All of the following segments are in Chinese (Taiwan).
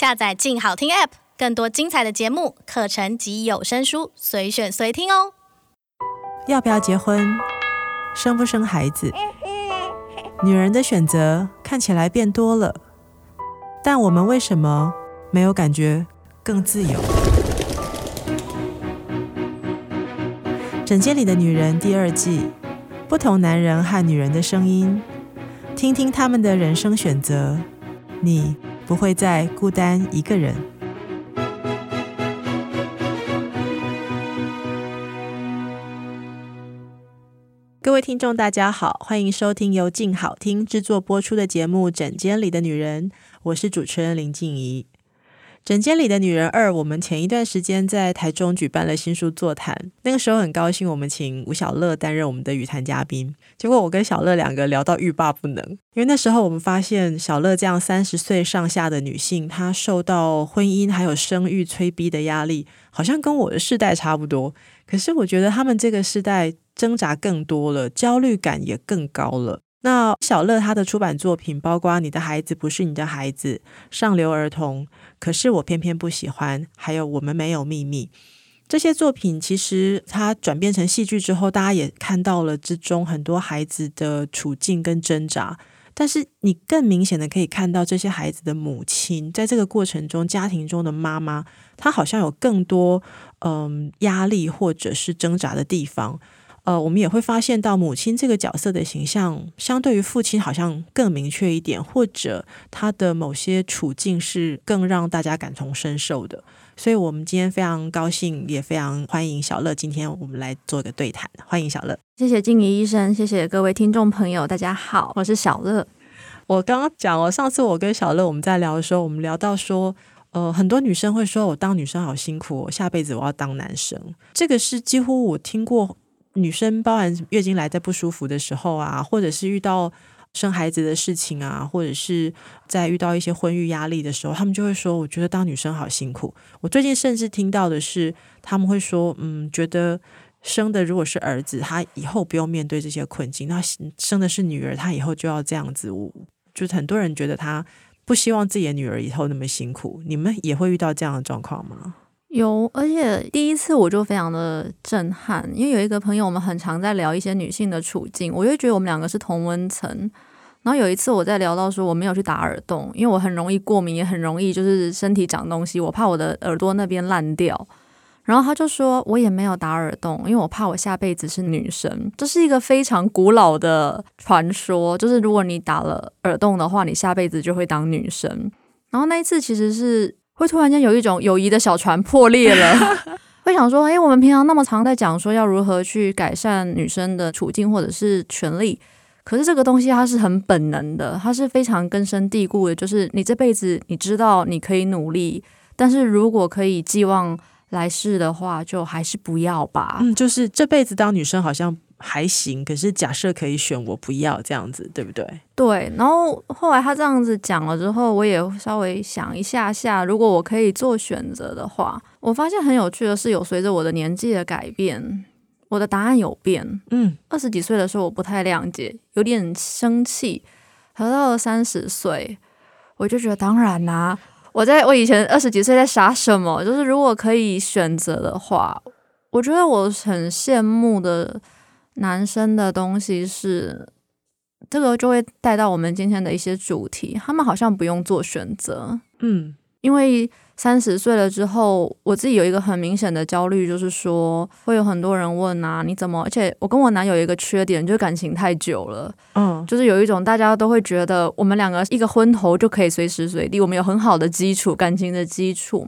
下載“靜好聽 ”App，更多精彩的節目、課程及有聲書，隨選隨聽哦。要不要結婚？生不生孩子？女人的選擇看起來變多了，但我們為什麼沒有感覺更自由？《診間裡的女人》第二季，不同男人和女人的聲音，聽聽他們的人生選擇，你。不會再孤單一個人。各位聽眾，大家好，歡迎收聽由鏡好聽製作播出的節目《診間裡的女人》，我是主持人林靜儀。《診間裡的女人二》，我們前一段時間在台中舉辦了新書座談，那個時候很高興，我們請吳曉樂擔任我們的與談嘉賓。結果我跟曉樂兩個聊到欲罷不能，因為那時候我們發現曉樂這樣三十歲上下的女性，她受到婚姻還有生育催逼的壓力，好像跟我的世代差不多。可是我覺得他們這個世代掙扎更多了，焦慮感也更高了。那曉樂他的出版作品包括《你的孩子不是你的孩子》《上流兒童》，可是我偏偏不喜歡，還有《我們沒有秘密》這些作品，其實它轉變成戲劇之後，大家也看到了之中很多孩子的處境跟掙扎。但是你更明顯的可以看到，這些孩子的母親在這個過程中，家庭中的媽媽，她好像有更多嗯、呃、壓力或者是掙扎的地方。呃，我們也會發現到母親這個角色的形象，相對於父親好像更明確一點，或者他的某些處境是更讓大家感同身受的。所以，我們今天非常高興，也非常歡迎曉樂。今天我們來做個對談，歡迎曉樂。謝謝靜儀醫生，謝謝各位聽眾朋友，大家好，我是曉樂。我剛剛講了，上次我跟曉樂我們在聊的時候，我們聊到說，呃，很多女生會說我當女生好辛苦，我下輩子我要當男生。這個是幾乎我聽過。女生包含月經來在不舒服的時候啊，或者是遇到生孩子的事情啊，或者是在遇到一些婚育壓力的時候，他們就會說：“我覺得當女生好辛苦。”我最近甚至聽到的是，他們會說：“嗯，覺得生的如果是兒子，他以後不用面對這些困境；那生的是女兒，她以後就要這樣子。”就很多人覺得他不希望自己的女兒以後那麼辛苦。你們也會遇到這樣的狀況嗎？有，而且第一次我就非常的震撼，因為有一個朋友，我們很常在聊一些女性的處境，我就覺得我們兩個是同溫層。然後有一次我在聊到說我沒有去打耳洞，因為我很容易過敏，也很容易就是身體長東西，我怕我的耳朵那邊爛掉。然後他就說，我也沒有打耳洞，因為我怕我下輩子是女生。這是一個非常古老的傳說，就是如果你打了耳洞的話，你下輩子就會當女生。然後那一次其實是。會突然間有一種友誼的小船破裂了， 會想說：哎，我們平常那麼常在講說要如何去改善女生的處境或者是權利，可是這個東西它是很本能的，它是非常根深蒂固的。就是你這輩子你知道你可以努力，但是如果可以寄望來世的話，就還是不要吧。嗯，就是這輩子當女生好像。還行，可是假設可以選，我不要這樣子，對不對？對。然後後來他這樣子講了之後，我也稍微想一下下，如果我可以做選擇的話，我發現很有趣的是，有隨着我的年紀的改變，我的答案有變。嗯，二十幾歲的時候我不太諒解，有點生氣，直到了三十歲，我就覺得當然啦、啊。我在我以前二十幾歲在傻什麼？就是如果可以選擇的話，我覺得我很羨慕的。男生的東西是這個，就會帶到我們今天的一些主題。他們好像不用做選擇，嗯，因為三十歲了之後，我自己有一個很明顯的焦慮，就是說會有很多人問啊，你怎麼？而且我跟我男友有一個缺點就是感情太久了，嗯，就是有一種大家都會覺得我們兩個一個婚頭就可以隨時隨地，我們有很好的基礎，感情的基礎，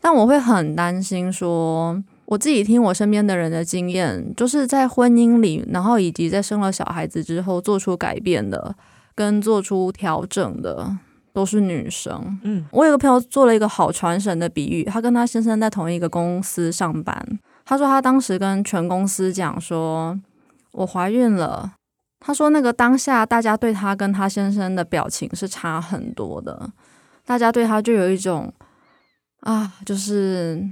但我會很擔心說，我自己聽我身邊的人的經驗，就是在婚姻裡，然後以及在生了小孩子之後做出改變的，跟做出調整的都是女生。嗯，我有個朋友做了一個好傳神的比喻，她跟她先生在同一個公司上班。她說她當時跟全公司講說，我懷孕了。她說那個當下大家對她跟她先生的表情是差很多的，大家對她就有一種啊，就是。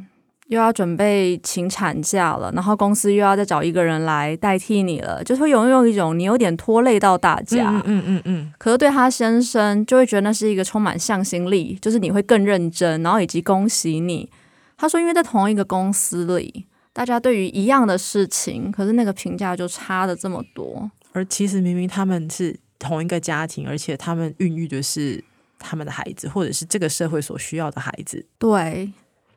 又要準備請產假了，然後公司又要再找一個人來代替你了，就會有一種你有點拖累到大家。嗯嗯嗯，嗯。可是對他先生就會覺得那是一個充滿向心力，就是你會更認真，然後以及恭喜你。他說，因為在同一個公司裡，大家對於一樣的事情，可是那個評價就差的這麼多。而其實明明他們是同一個家庭，而且他們孕育的是他們的孩子，或者是這個社會所需要的孩子。對。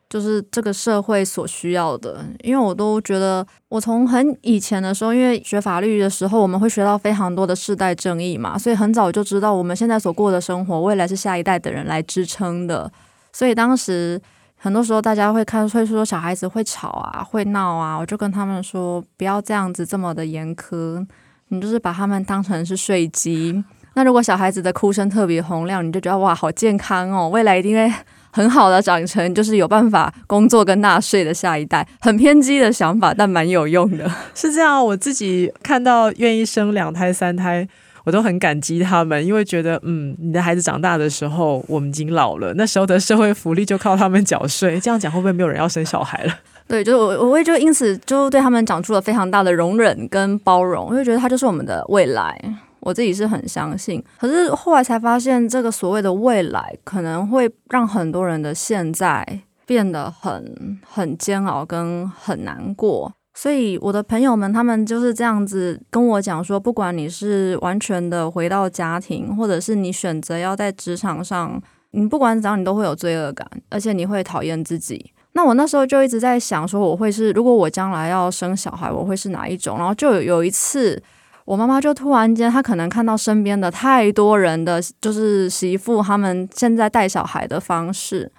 就是這個社會所需要的，因為我都覺得，我從很以前的時候，因為學法律的時候，我們會學到非常多的世代正義嘛，所以很早就知道我們現在所過的生活，未來是下一代的人來支撐的。所以當時很多時候，大家會看，會說小孩子會吵啊，會鬧啊，我就跟他們說，不要這樣子這麼的嚴苛，你就是把他們當成是稅基。那如果小孩子的哭聲特別洪亮，你就覺得哇，好健康哦，未來一定會。很好的長成，就是有辦法工作跟納稅的下一代，很偏激的想法，但蠻有用的。是這樣，我自己看到願意生兩胎三胎，我都很感激他們，因為覺得嗯，你的孩子長大的時候，我們已經老了，那時候的社會福利就靠他們繳稅。這樣講會不會沒有人要生小孩了？對，就我，我會就因此就對他們長出了非常大的容忍跟包容，我就覺得他就是我們的未來。我自己是很相信，可是後來才發現，這個所謂的未來可能會讓很多人的現在變得很很煎熬跟很難過。所以我的朋友們，他們就是這樣子跟我講說，不管你是完全的回到家庭，或者是你選擇要在職場上，你不管怎樣，你都會有罪惡感，而且你會討厭自己。那我那時候就一直在想，說我會是，如果我將來要生小孩，我會是哪一種？然後就有一次。我媽媽就突然間，她可能看到身邊的太多人的，就是媳婦他們現在帶小孩的方式，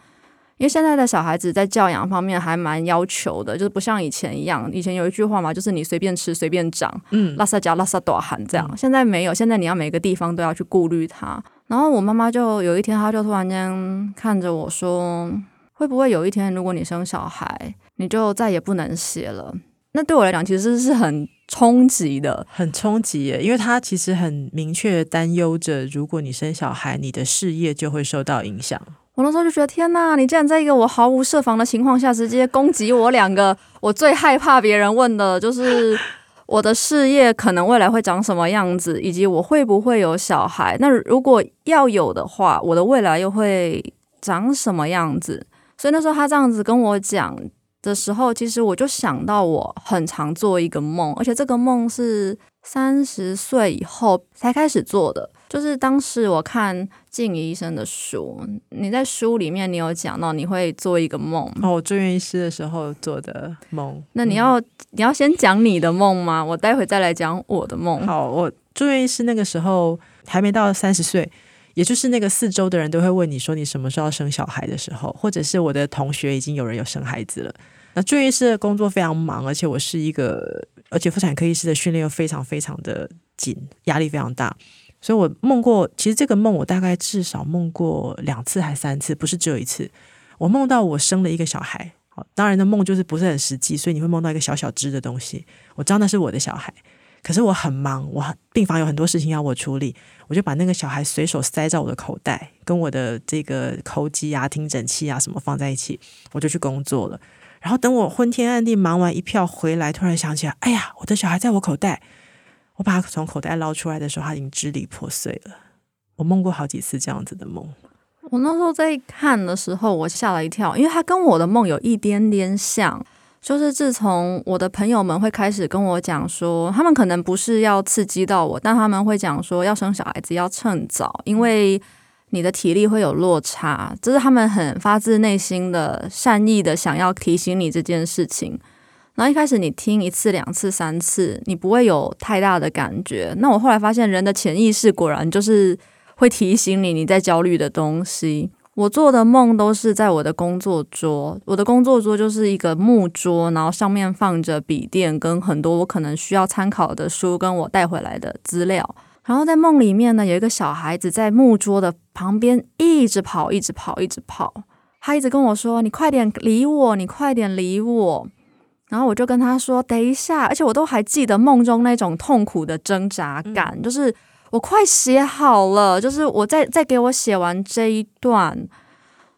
因為現在的小孩子在教養方面還蠻要求的，就是不像以前一樣。以前有一句話嘛，就是你隨便吃隨便長，嗯，拉薩加拉薩多汗這樣、嗯。現在沒有，現在你要每個地方都要去顧慮他。然後我媽媽就有一天，她就突然間看着我說：“會不會有一天，如果你生小孩，你就再也不能寫了？”那對我來講，其實是很衝擊的，很衝擊耶。因為他其實很明確擔憂着，如果你生小孩，你的事業就會受到影響。我那時候就覺得，天哪！你竟然在一個我毫無設防的情況下，直接攻擊我兩個我最害怕別人問的，就是我的事業可能未來會長什麼樣子，以及我會不會有小孩。那如果要有的話，我的未來又會長什麼樣子？所以那時候他這樣子跟我講。的時候，其實我就想到我很常做一個夢，而且這個夢是三十歲以後才開始做的。就是當時我看靜儀醫生的書，你在書裡面你有講到你會做一個夢。哦，住院醫師的時候做的夢。那你要、嗯、你要先講你的夢嗎？我待會再來講我的夢。好，我住院醫師那個時候還沒到三十歲。也就是那個四周的人都會問你說你什麼時候要生小孩的時候，或者是我的同學已經有人有生孩子了。那住院室工作非常忙，而且我是一個，而且婦產科醫師的訓練又非常非常的緊，壓力非常大。所以我夢過，其實這個夢我大概至少夢過兩次還三次，不是只有一次。我夢到我生了一個小孩，當然了，夢就是不是很實際，所以你會夢到一個小小只的東西。我知道那是我的小孩。可是我很忙，我病房有很多事情要我處理，我就把那個小孩隨手塞在我的口袋，跟我的這個口機啊、聽診器啊什麼放在一起，我就去工作了。然後等我昏天暗地忙完一票回來，突然想起來，哎呀，我的小孩在我口袋。我把他從口袋撈出來的時候，他已經支離破碎了。我夢過好幾次這樣子的夢。我那時候在看的時候，我嚇了一跳，因為他跟我的夢有一點點像。就是自從我的朋友們會開始跟我講說，他們可能不是要刺激到我，但他們會講說要生小孩子要趁早，因為你的體力會有落差。這、就是他們很發自內心的、善意的想要提醒你這件事情。然後一開始你聽一次、兩次、三次，你不會有太大的感覺。那我後來發現，人的潛意識果然就是會提醒你你在焦慮的東西。我做的夢都是在我的工作桌，我的工作桌就是一個木桌，然後上面放着筆電跟很多我可能需要參考的書，跟我帶回來的資料。然後在夢裡面呢，有一個小孩子在木桌的旁邊一直跑，一直跑，一直跑。一直跑，他一直跟我說：“你快點理我，你快點理我。”然後我就跟他說：“等一下。”而且我都還記得夢中那種痛苦的掙扎感，嗯、就是。我快寫好了，就是我再再給我寫完這一段，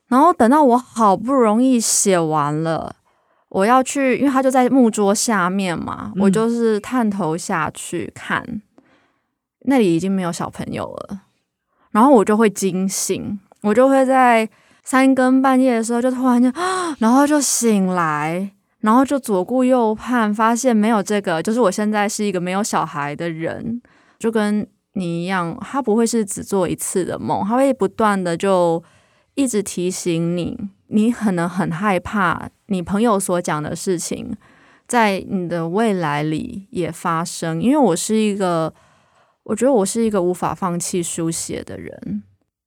然後等到我好不容易寫完了，我要去，因為他就在木桌下面嘛，我就是探頭下去看，嗯，那裡已經沒有小朋友了，然後我就會驚醒，我就會在三更半夜的時候就突然就，然後就醒來，然後就左顧右盼，發現沒有這個，就是我現在是一個沒有小孩的人，就跟你一樣，他不會是只做一次的夢，他會不斷的就一直提醒你，你可能很害怕你朋友所講的事情在你的未來裡也發生。因為我是一個，我覺得我是一個無法放棄書寫的人，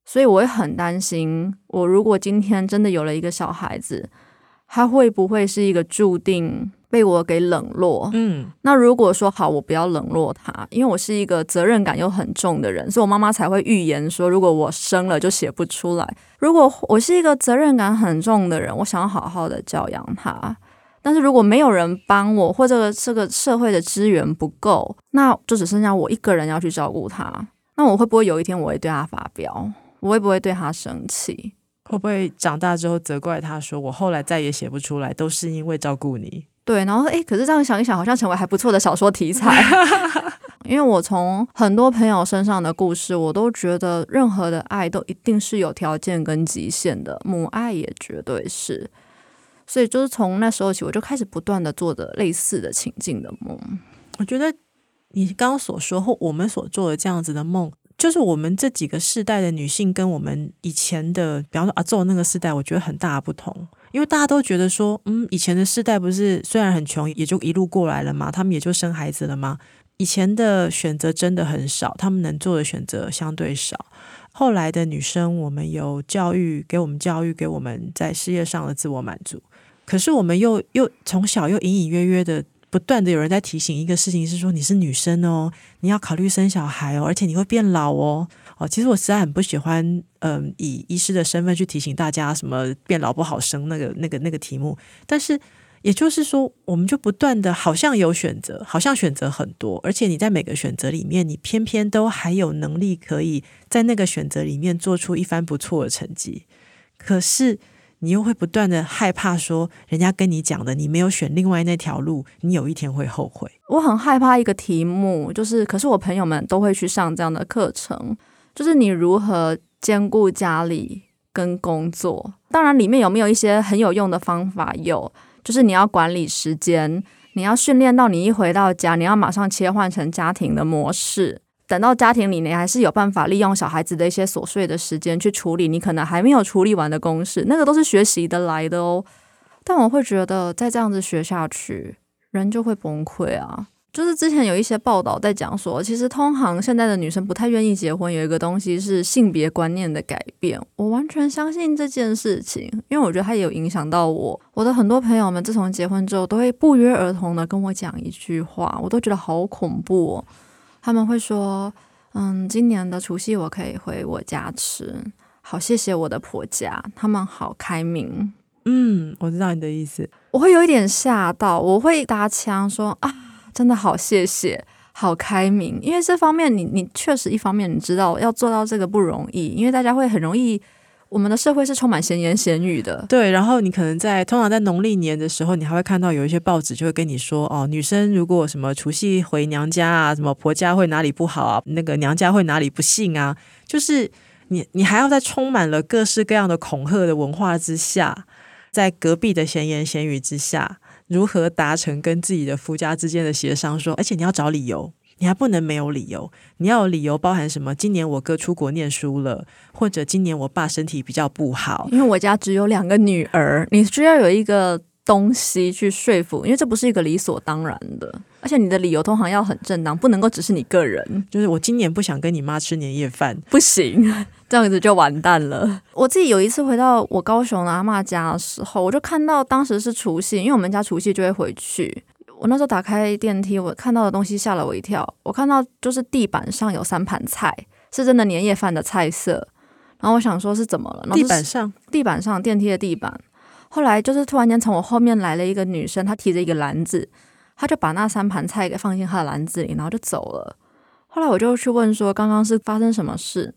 所以我也很擔心，我如果今天真的有了一個小孩子，他會不會是一個注定被我給冷落。嗯，那如果說好，我不要冷落他，因為我是一個責任感又很重的人，所以我媽媽才會預言說，如果我生了就寫不出來。如果我是一個責任感很重的人，我想要好好的教養他，但是如果沒有人幫我，或者、這個、這個社會的資源不夠，那就只剩下我一個人要去照顧他。那我會不會有一天我會對他發飆？我會不會對他生氣？會不會長大之後責怪他說，我後來再也寫不出來，都是因為照顧你？對，然後哎，可是這樣想一想，好像成為還不錯的小說題材， 因為我從很多朋友身上的故事，我都覺得任何的愛都一定是有條件跟極限的，母愛也絕對是。所以就是從那時候起，我就開始不斷的做著類似的情境的夢。我覺得你剛剛所說，或我們所做的這樣子的夢，就是我們這幾個世代的女性跟我們以前的，比方說阿祖那個世代，我覺得很大不同。因為大家都覺得說，嗯，以前的世代不是雖然很窮，也就一路過來了嗎？他們也就生孩子了嗎？以前的選擇真的很少，他們能做的選擇相對少。後來的女生，我們有教育，給我們教育，給我們在事業上的自我滿足。可是我們又又從小又隱隱約約的。不斷的有人在提醒一個事情，是說你是女生哦，你要考慮生小孩哦，而且你會變老哦。哦，其實我實在很不喜歡，嗯、呃，以醫師的身份去提醒大家什麼變老不好生那個那個那個題目。但是也就是說，我們就不斷的好像有選擇，好像選擇很多，而且你在每個選擇裡面，你偏偏都還有能力可以在那個選擇裡面做出一番不錯的成績。可是。你又會不斷的害怕說，人家跟你講的，你沒有選另外那條路，你有一天會後悔。我很害怕一個題目，就是，可是我朋友們都會去上這樣的課程，就是你如何兼顧家裡跟工作。當然，裡面有沒有一些很有用的方法？有，就是你要管理時間，你要訓練到你一回到家，你要馬上切換成家庭的模式。等到家庭裡面，還是有辦法利用小孩子的一些瑣碎的時間去處理你可能還沒有處理完的公事，那個都是學習得來的哦。但我會覺得，再這樣子學下去，人就會崩潰啊！就是之前有一些報道在講說，其實通常現在的女生不太願意結婚，有一個東西是性別觀念的改變。我完全相信這件事情，因為我覺得它也有影響到我。我的很多朋友們自從結婚之後，都會不約而同的跟我講一句話，我都覺得好恐怖哦。他們會說：“嗯，今年的除夕我可以回我家吃，好謝謝我的婆家，他們好開明。”嗯，我知道你的意思，我會有一點嚇到，我會搭腔說：“啊，真的好謝謝，好開明。”因為這方面你，你你確實一方面你知道要做到這個不容易，因為大家會很容易。我們的社會是充滿閒言閒語的，對。然後你可能在通常在農曆年的時候，你還會看到有一些報紙就會跟你說，哦，女生如果什麼除夕回娘家啊，什麼婆家會哪裡不好啊，那個娘家會哪裡不幸啊，就是你你還要在充滿了各式各樣的恐嚇的文化之下，在隔壁的閒言閒語之下，如何達成跟自己的夫家之間的協商？說，而且你要找理由。你還不能沒有理由，你要有理由，包含什麼？今年我哥出國念書了，或者今年我爸身體比較不好。因為我家只有兩個女兒，你需要有一個東西去說服，因為這不是一個理所當然的。而且你的理由通常要很正當，不能夠只是你個人。就是我今年不想跟你媽吃年夜飯，不行，這樣子就完蛋了。 我自己有一次回到我高雄的阿嬤家的時候，我就看到當時是除夕，因為我們家除夕就會回去。我那時候打開電梯，我看到的東西嚇了我一跳。我看到就是地板上有三盤菜，是真的年夜飯的菜色。然後我想說是怎麼了，然後地板上，地板上，電梯的地板。後來就是突然間從我後面來了一個女生，她提着一個籃子，她就把那三盤菜給放進她的籃子裡，然後就走了。後來我就去問說剛剛是發生什麼事，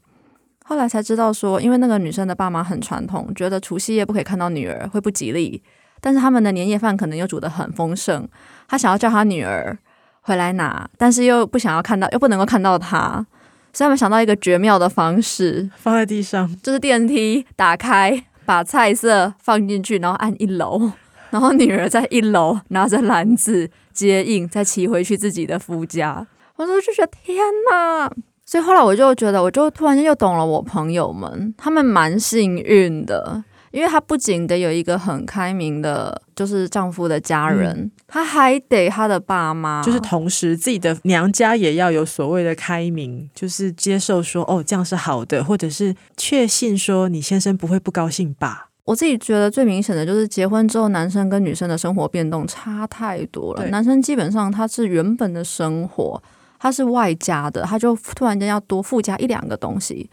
後來才知道說，因為那個女生的爸媽很傳統，覺得除夕夜不可以看到女兒，會不吉利。但是他們的年夜飯可能又煮得很豐盛，他想要叫他女兒回來拿，但是又不想要看到，又不能夠看到他，所以他們想到一個絕妙的方式，放在地上，就是電梯打開，把菜色放進去，然後按一樓，然後女兒在一樓拿着籃子接應，再騎回去自己的夫家。我都覺得天哪，所以後來我就覺得，我就突然間又懂了，我朋友們他們蠻幸運的。因為她不僅得有一個很開明的，就是丈夫的家人，她、嗯、還得她的爸媽，就是同時自己的娘家也要有所謂的開明，就是接受說哦，這樣是好的，或者是確信說你先生不會不高興吧。我自己覺得最明顯的就是結婚之後，男生跟女生的生活變動差太多了。男生基本上他是原本的生活，他是外加的，他就突然間要多附加一兩個東西。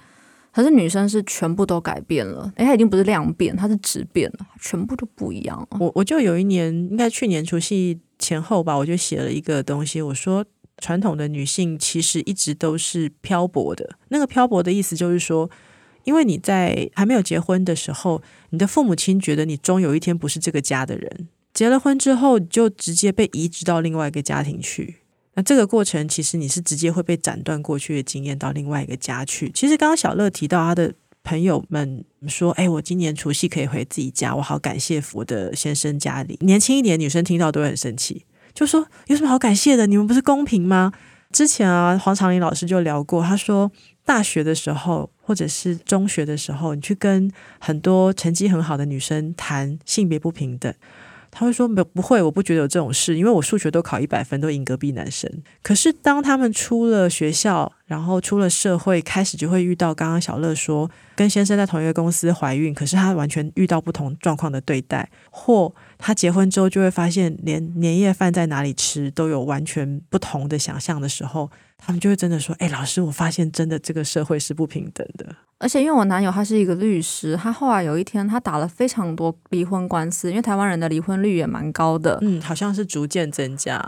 可是女生是全部都改變了，哎，她已經不是量變，她是質變了，全部都不一樣啊。我我就有一年，應該去年除夕前後吧，我就寫了一個東西，我說傳統的女性其實一直都是漂泊的。那個漂泊的意思就是說，因為你在還沒有結婚的時候，你的父母親覺得你終有一天不是這個家的人；結了婚之後，就直接被移植到另外一個家庭去。那這個過程，其實你是直接會被斬斷過去的經驗，到另外一個家去。其實剛剛小樂提到他的朋友們說：“誒、哎，我今年除夕可以回自己家，我好感謝佛的先生家裡。”年輕一點女生聽到都會很生氣，就說：“有什麼好感謝的？你們不是公平嗎？”之前啊，黃長林老師就聊過，他說大學的時候或者是中學的時候，你去跟很多成績很好的女生談性別不平等。他會說不，不會，我不覺得有這種事，因為我數學都考一百分，都贏隔壁男生。可是當他們出了學校，然後出了社會，開始就會遇到剛剛曉樂說，跟先生在同一個公司懷孕，可是他完全遇到不同狀況的對待，或他結婚之後就會發現，連年夜飯在哪裡吃都有完全不同的想象的時候，他們就會真的說，哎、欸，老師，我發現真的這個社會是不平等的。而且，因為我男友他是一個律師，他後來有一天，他打了非常多離婚官司，因為台灣人的離婚率也蠻高的，嗯，好像是逐漸增加。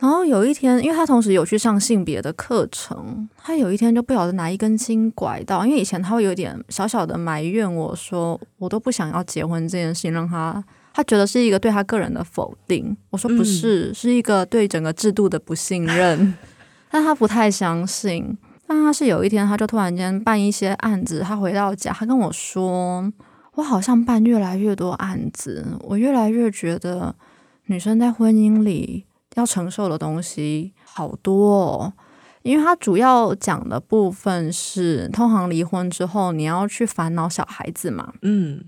然後有一天，因為他同時有去上性別的課程，他有一天就不曉得哪一根筋拐到，因為以前他會有點小小的埋怨，我說，我都不想要結婚這件事情，讓他他覺得是一個對他個人的否定。我說不是，嗯、是一個對整個制度的不信任， 但他不太相信。但他是有一天，他就突然間辦一些案子，他回到家，他跟我說：“我好像辦越來越多案子，我越來越覺得女生在婚姻裡要承受的東西好多哦。”因為他主要講的部分是，通常離婚之後你要去煩惱小孩子嘛，嗯，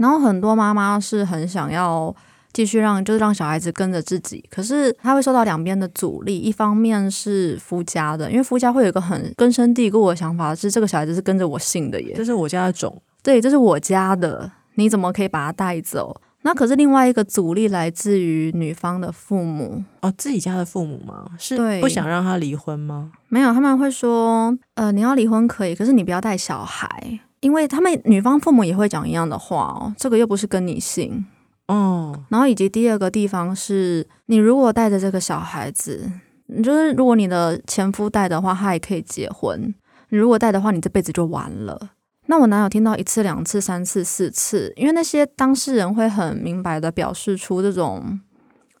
然後很多媽媽是很想要。繼續讓就是讓小孩子跟着自己，可是他會受到兩邊的阻力。一方面是夫家的，因為夫家會有一個很根深蒂固的想法是，是這個小孩子是跟着我姓的，耶。這是我家的種。對，這是我家的，你怎麼可以把他帶走？那可是另外一個阻力來自於女方的父母哦，自己家的父母嗎？是不想讓他離婚嗎？沒有，他們會說，呃，你要離婚可以，可是你不要帶小孩，因為他們女方父母也會講一樣的話哦，這個又不是跟你姓。哦，然後以及第二個地方是，你如果帶着這個小孩子，你就是如果你的前夫帶的話，他也可以結婚；你如果帶的話，你這輩子就完了。那我哪有聽到一次、兩次、三次、四次？因為那些當事人會很明白的表示出這種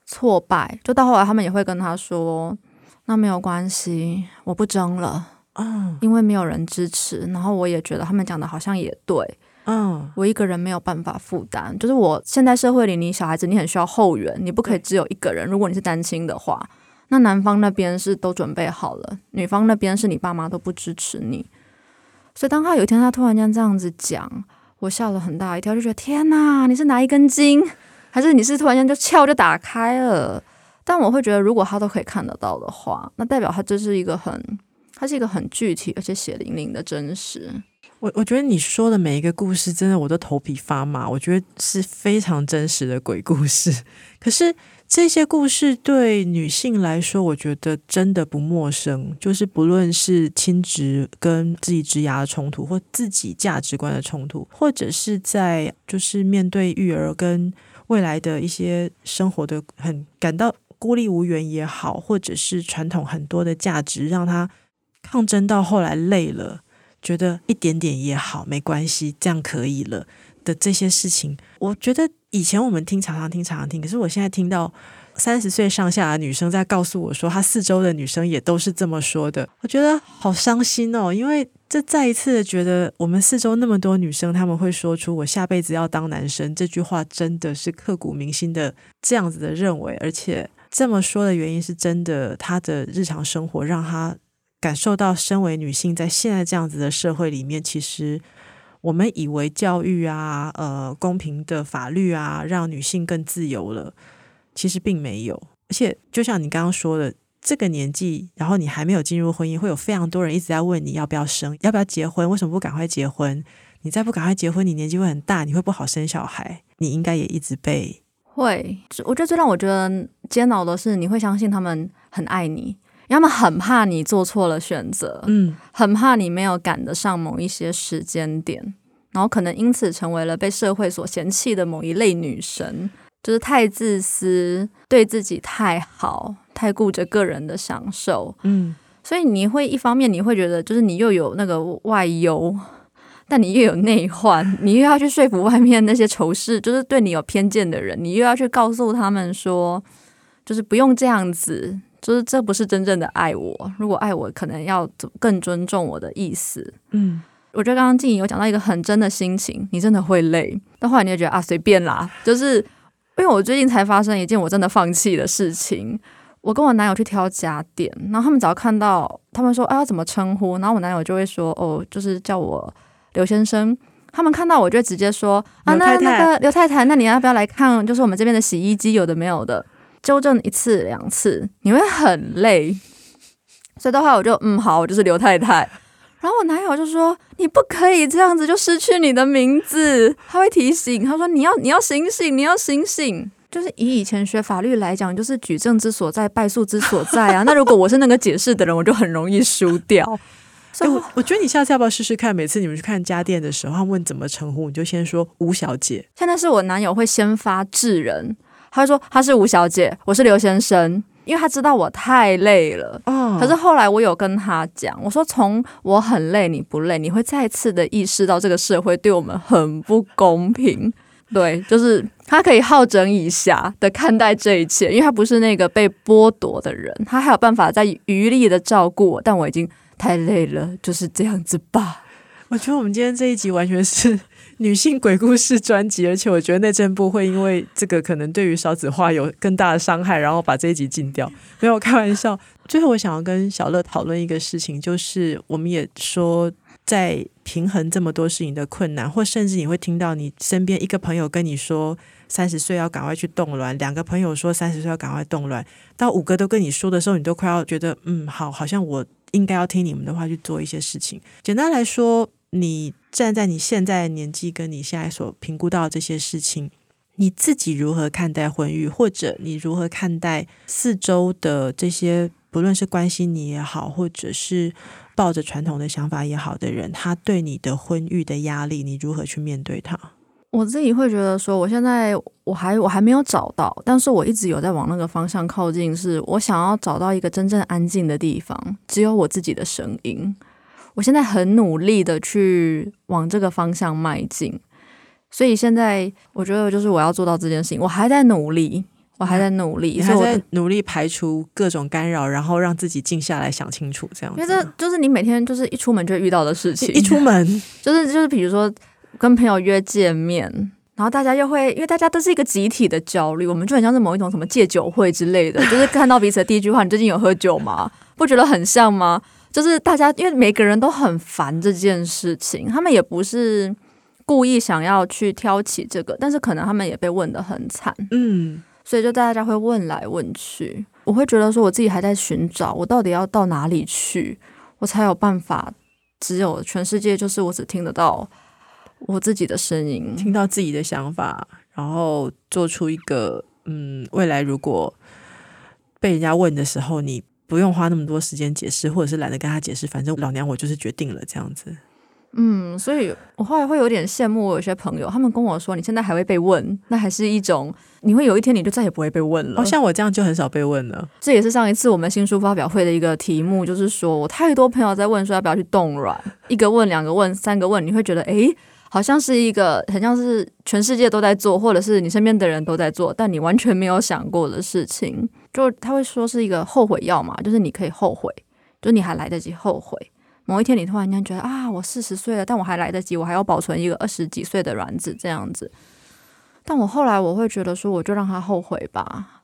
挫敗，就到後來他們也會跟他說：“那沒有關係，我不爭了。”啊，因為沒有人支持。然後我也覺得他們講的好像也對。嗯、oh，我一個人沒有辦法負擔，就是我現在社會裡，你小孩子你很需要後援，你不可以只有一個人。如果你是單親的話，那男方那邊是都準備好了，女方那邊是你爸媽都不支持你。所以當他有一天他突然間這樣子講，我嚇了很大一跳，就覺得天吶，你是哪一根筋，還是你是突然間就撬，就打開了？但我會覺得，如果他都可以看得到的話，那代表他這是一個很，他是一個很具體而且血淋淋的真實。我我覺得你說的每一個故事，真的我都頭皮發麻。我覺得是非常真實的鬼故事。可是這些故事對女性來說，我覺得真的不陌生。就是不論是親職跟自己職涯的衝突，或自己價值觀的衝突，或者是在就是面對育兒跟未來的一些生活的很感到孤立無援也好，或者是傳統很多的價值讓他抗爭到後來累了。覺得一點點也好，沒關係，這樣可以了的這些事情，我覺得以前我們聽常常聽常常聽，可是我現在聽到三十歲上下的女生在告訴我說，她四周的女生也都是這麼說的，我覺得好傷心哦，因為這再一次的覺得我們四周那麼多女生，她們會說出“我下輩子要當男生”這句話，真的是刻骨銘心的這樣子的認為，而且這麼說的原因是真的，她的日常生活讓她。感受到身為女性，在現在這樣子的社會裡面，其實我們以為教育啊、呃，公平的法律啊，讓女性更自由了，其實並沒有。而且就像你剛剛說的，這個年紀，然後你還沒有進入婚姻，會有非常多人一直在問你要不要生，要不要結婚，為什麼不趕快結婚？你再不趕快結婚，你年紀會很大，你會不好生小孩。你應該也一直被……會，我覺得最讓我覺得煎熬的是，你會相信他們很愛你。因為他們很怕你做錯了選擇，嗯，很怕你沒有趕得上某一些時間點，然後可能因此成為了被社會所嫌棄的某一類女神，就是太自私，對自己太好，太顧着個人的享受，嗯，所以你會一方面你會覺得就是你又有那個外憂，但你又有內患， 你又要去說服外面那些仇視，就是對你有偏見的人，你又要去告訴他們說，就是不用這樣子。就是這不是真正的愛我，如果愛我，可能要尊更尊重我的意思。嗯，我覺得剛剛靜儀有講到一個很真的心情，你真的會累，但後來你就覺得啊隨便啦。就是因為我最近才發生一件我真的放棄的事情，我跟我男友去挑家電，然後他們只要看到，他們說啊要怎麼稱呼，然後我男友就會說哦就是叫我劉先生，他們看到我就會直接說太太啊那那個劉太太，那你要不要來看？就是我們這邊的洗衣機有的沒有的。糾正一次兩次，你會很累。所以的話，我就嗯好，我就是劉太太。然後我男友就說：“你不可以這樣子，就失去你的名字。”他會提醒他說：“你要你要醒醒，你要醒醒。”就是以以前學法律來講，就是舉證之所在，敗訴之所在啊。 那如果我是那個解釋的人，我就很容易輸掉。所以、so, 欸、我我覺得你下次要不要試試看？每次你們去看家電的時候，他問怎麼稱呼，你就先說吳小姐。現在是我男友會先發制人。他說：“她是吳小姐，我是劉先生。”因為他知道我太累了。Oh. 可是後來我有跟他講，我說：“從我很累，你不累，你會再次的意識到這個社會對我們很不公平。 ”對，就是他可以好整以暇的看待這一切，因為他不是那個被剝奪的人，他還有辦法在餘力的照顧我。但我已經太累了，就是這樣子吧。我覺得我們今天這一集完全是。女性鬼故事專輯，而且我覺得內政部會因為這個可能對於少子化有更大的傷害，然後把這一集禁掉。沒有開玩笑。 最後，我想要跟小樂討論一個事情，就是我們也說在平衡這麼多事情的困難，或甚至你會聽到你身邊一個朋友跟你說三十歲要趕快去凍卵，兩個朋友說三十歲要趕快凍卵，到五個都跟你說的時候，你都快要覺得嗯，好，好像我應該要聽你們的話去做一些事情。簡單來說。你站在你現在年紀跟你現在所評估到的這些事情，你自己如何看待婚育，或者你如何看待四周的這些，不論是關心你也好，或者是抱着傳統的想法也好的人，他對你的婚育的壓力，你如何去面對他？我自己會覺得說，我現在我還我還沒有找到，但是我一直有在往那個方向靠近，是我想要找到一個真正安靜的地方，只有我自己的聲音。我現在很努力的去往這個方向邁進，所以現在我覺得就是我要做到這件事情，我還在努力，我還在努力，嗯、我還在努力排除各種干擾，然後讓自己靜下來想清楚，這樣子。因為這就是你每天就是一出門就遇到的事情。一，一出門就是就是比如說跟朋友約見面，然後大家又會因為大家都是一個集體的焦慮，我們就很像是某一種什麼戒酒會之類的， 就是看到彼此的第一句話，你最近有喝酒嗎？不覺得很像嗎？就是大家，因為每個人都很煩這件事情，他們也不是故意想要去挑起這個，但是可能他們也被問得很慘，嗯，所以就大家會問來問去。我會覺得說，我自己還在尋找，我到底要到哪裡去，我才有辦法。只有全世界，就是我只聽得到我自己的聲音，聽到自己的想法，然後做出一個嗯，未來如果被人家問的時候，你。不用花那麼多時間解釋，或者是懶得跟他解釋，反正老娘我就是決定了這樣子。嗯，所以我後來會有點羨慕我有些朋友，他們跟我說，你現在還會被問，那還是一種你會有一天你就再也不會被問了。哦，像我這樣就很少被問了。這也是上一次我們新書發表會的一個題目，就是說我太多朋友在問，說要不要去凍卵，一個問，兩個問，三個問，你會覺得哎。欸好像是一個很像是全世界都在做，或者是你身邊的人都在做，但你完全沒有想過的事情。就他會說是一個後悔藥嘛，就是你可以後悔，就你還來得及後悔。某一天你突然間覺得啊，我四十歲了，但我還來得及，我還要保存一個二十幾歲的卵子這樣子。但我後來我會覺得說，我就讓他後悔吧。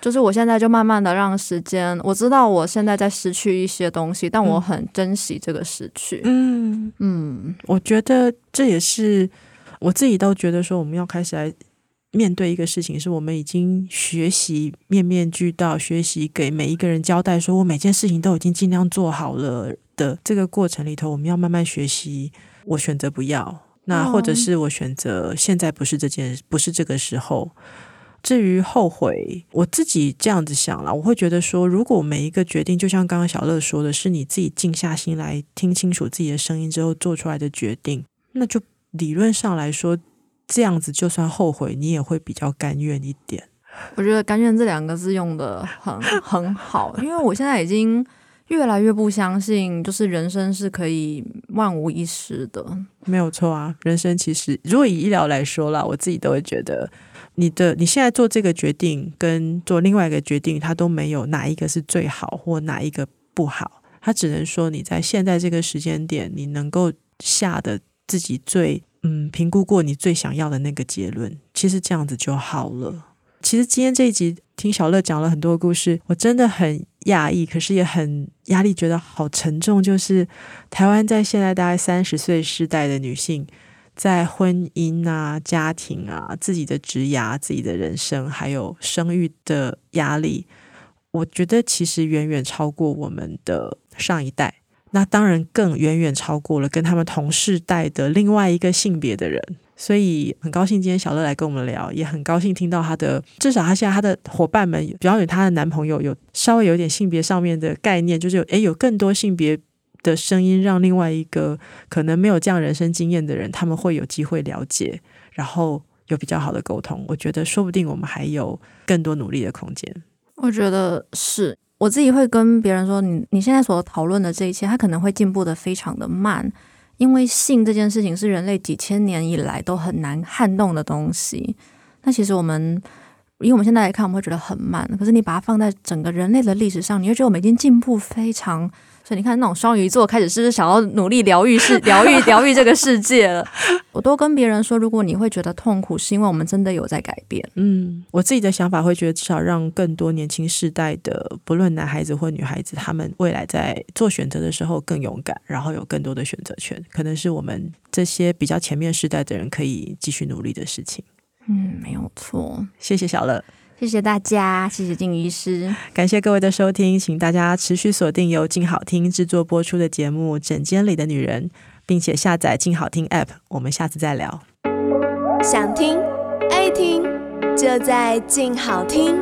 就是我現在就慢慢的讓時間，我知道我現在在失去一些東西，但我很珍惜這個失去。嗯嗯，我覺得這也是我自己都覺得說，我們要開始來面對一個事情，是我們已經學習面面俱到，學習給每一個人交代，說我每件事情都已經盡量做好了的這個過程裡頭，我們要慢慢學習。我選擇不要，那或者是我選擇現在不是這件，嗯、不是這個時候。至於後悔，我自己這樣子想啦，我會覺得說，如果每一個決定，就像剛剛小樂說的，是你自己靜下心來聽清楚自己的聲音之後做出來的決定，那就理論上來說，這樣子就算後悔，你也會比較甘願一點。我覺得“甘願”這兩個字用得很 很好，因為我現在已經越來越不相信，就是人生是可以萬無一失的。沒有錯啊，人生其實，如果以醫療來說啦，我自己都會覺得。你的你現在做這個決定跟做另外一個決定，它都沒有哪一個是最好或哪一個不好，它只能說你在現在這個時間點，你能夠下的自己最嗯評估過你最想要的那個結論，其實這樣子就好了。其實今天這一集聽曉樂講了很多故事，我真的很訝異，可是也很壓力，覺得好沉重。就是台灣在現在大概三十歲世代的女性，在婚姻啊、家庭啊、自己的職業、自己的人生，還有生育的壓力，我覺得其實遠遠超過我們的上一代。那當然更遠遠超過了跟他們同世代的另外一個性別的人。所以很高興今天小樂來跟我們聊，也很高興聽到她的，至少她現在她的夥伴們，比方有她的男朋友，有稍微有點性別上面的概念，就是有，誒，有更多性別。的聲音，讓另外一個可能沒有這樣人生經驗的人，他們會有機會了解，然後有比較好的溝通。我覺得，說不定我們還有更多努力的空間。我覺得是，我自己會跟別人說，你你現在所討論的這一切，它可能會進步得非常的慢，因為性這件事情是人類幾千年以來都很難撼動的東西。那其實我們，因為我們現在來看，我們會覺得很慢，可是你把它放在整個人類的歷史上，你會覺得我們已經進步非常。所以你看，那種雙魚座開始是不是想要努力療癒世、療 癒、療癒這個世界了？ 我都跟別人說，如果你會覺得痛苦，是因為我們真的有在改變。嗯，我自己的想法會覺得，至少讓更多年輕世代的，不論男孩子或女孩子，他們未來在做選擇的時候更勇敢，然後有更多的選擇權，可能是我們這些比較前面世代的人可以繼續努力的事情。嗯，沒有錯。謝謝曉樂。謝謝大家，謝謝靜儀醫師，感謝各位的收聽，請大家持續鎖定由靜好聽製作播出的節目《診間裡的女人》，並且下載靜好聽 App，我們下次再聊。想聽愛聽，就在靜好聽。